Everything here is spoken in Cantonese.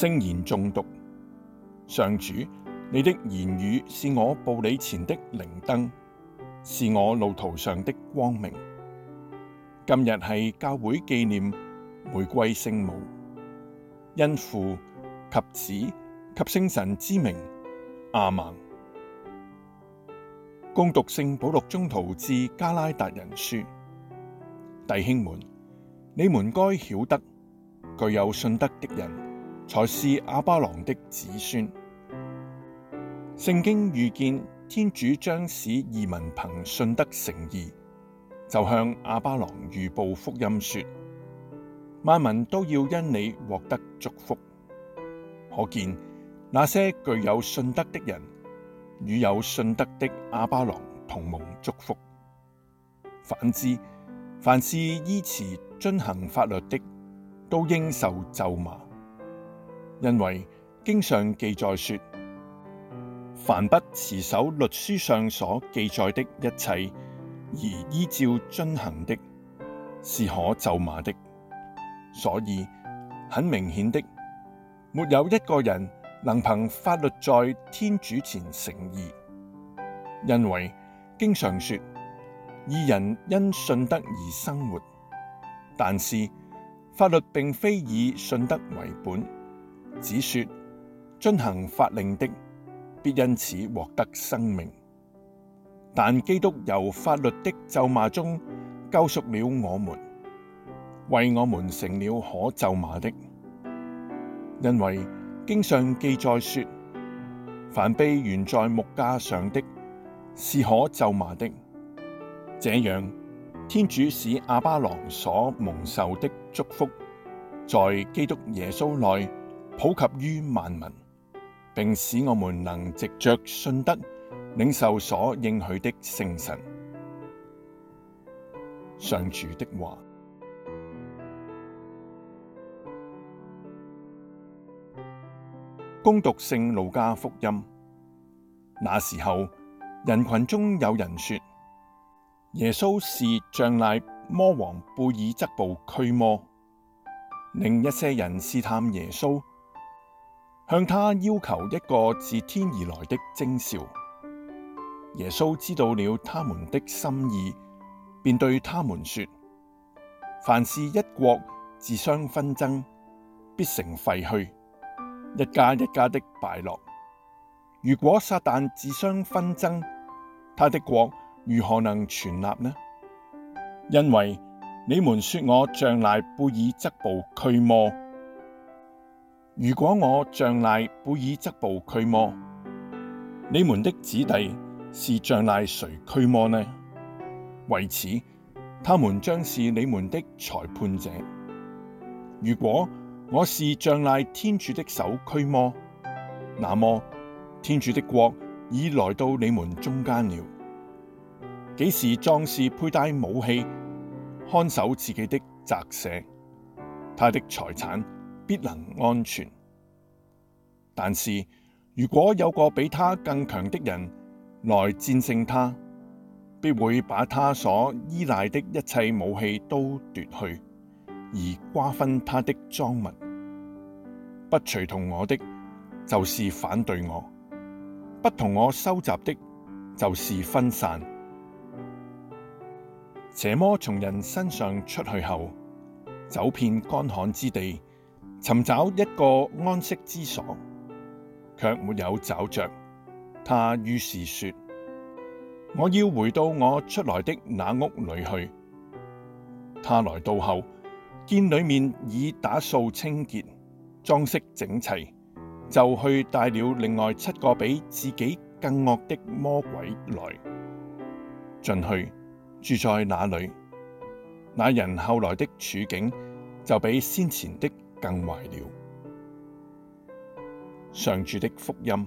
聖言誦讀，上主，你的言語是我步履前的靈燈，是我路途上的光明。今日係教會紀念玫瑰聖母、因父及子及聖神之名。阿們。恭讀聖保禄宗徒致迦拉達人書：弟兄們，你們該曉得，具有信德的人。才是亞巴郎的子孫。聖經預見天主將使異民憑信德成義，就向亞巴郎預報福音說，說萬民都要因你獲得祝福。可見那些具有信德的人與有信德的亞巴郎同蒙祝福。反之，凡是依恃遵行法律的，都應受咒罵。因為經上記載說，凡不持守律書上所記載的一切而依照遵行的，是可咒罵的。所以很明顯的，沒有一個人能憑法律在天主前成義。因為經上說，義人因信德而生活，但是法律並非以信德為本。只說遵行法令的，必因此獲得生命。但基督由法律的咒罵中救贖了我們，為我們成了可咒罵的，因為經上記載說：凡被懸在木架上的，是可咒罵的。這樣，天主使亞巴郎所蒙受的祝福，在基督耶穌內。普及於萬民，並使我們能藉着信德領受所應許的聖神。上主的話，恭讀聖路加福音。那時候，人群中有人說：耶穌是仗賴魔王貝耳則步驅魔。另一些人試探耶穌。向他要求一個自天而來的徵兆。耶穌知道了他們的心意，便對他們說：凡是一國自相紛爭，必成廢墟；一家一家的敗落。如果撒旦自相紛爭，他的國如何能存立呢？因為你們說我仗賴貝耳則步驅魔。如果我仗賴貝耳則步驅魔，你們的子弟是仗賴誰驅魔呢？為此，他們將是你們的裁判者。如果我是仗賴天主的手驅魔，那麼天主的國已來到你們中間了。幾時壯士佩帶武器，看守自己的宅舍，他的財產，必能安全，但是如果有個比他更強的人來戰勝他，必會把他所依賴的一切武器都奪去，而瓜分他的贓物。不隨同我的，就是反對我；不同我收集的，就是分散。邪魔從人身上出去後，走遍乾旱之地。尋找一個安息之所，卻沒有找着。他於是說：我要回到我出來的那屋裏去。他來到後，見裏面已打掃清潔、裝飾整齊，就去帶了另外七個比自己更惡的魔鬼來進去住在那裏。那人後來的處境就比先前的……更壞了。上主的福音。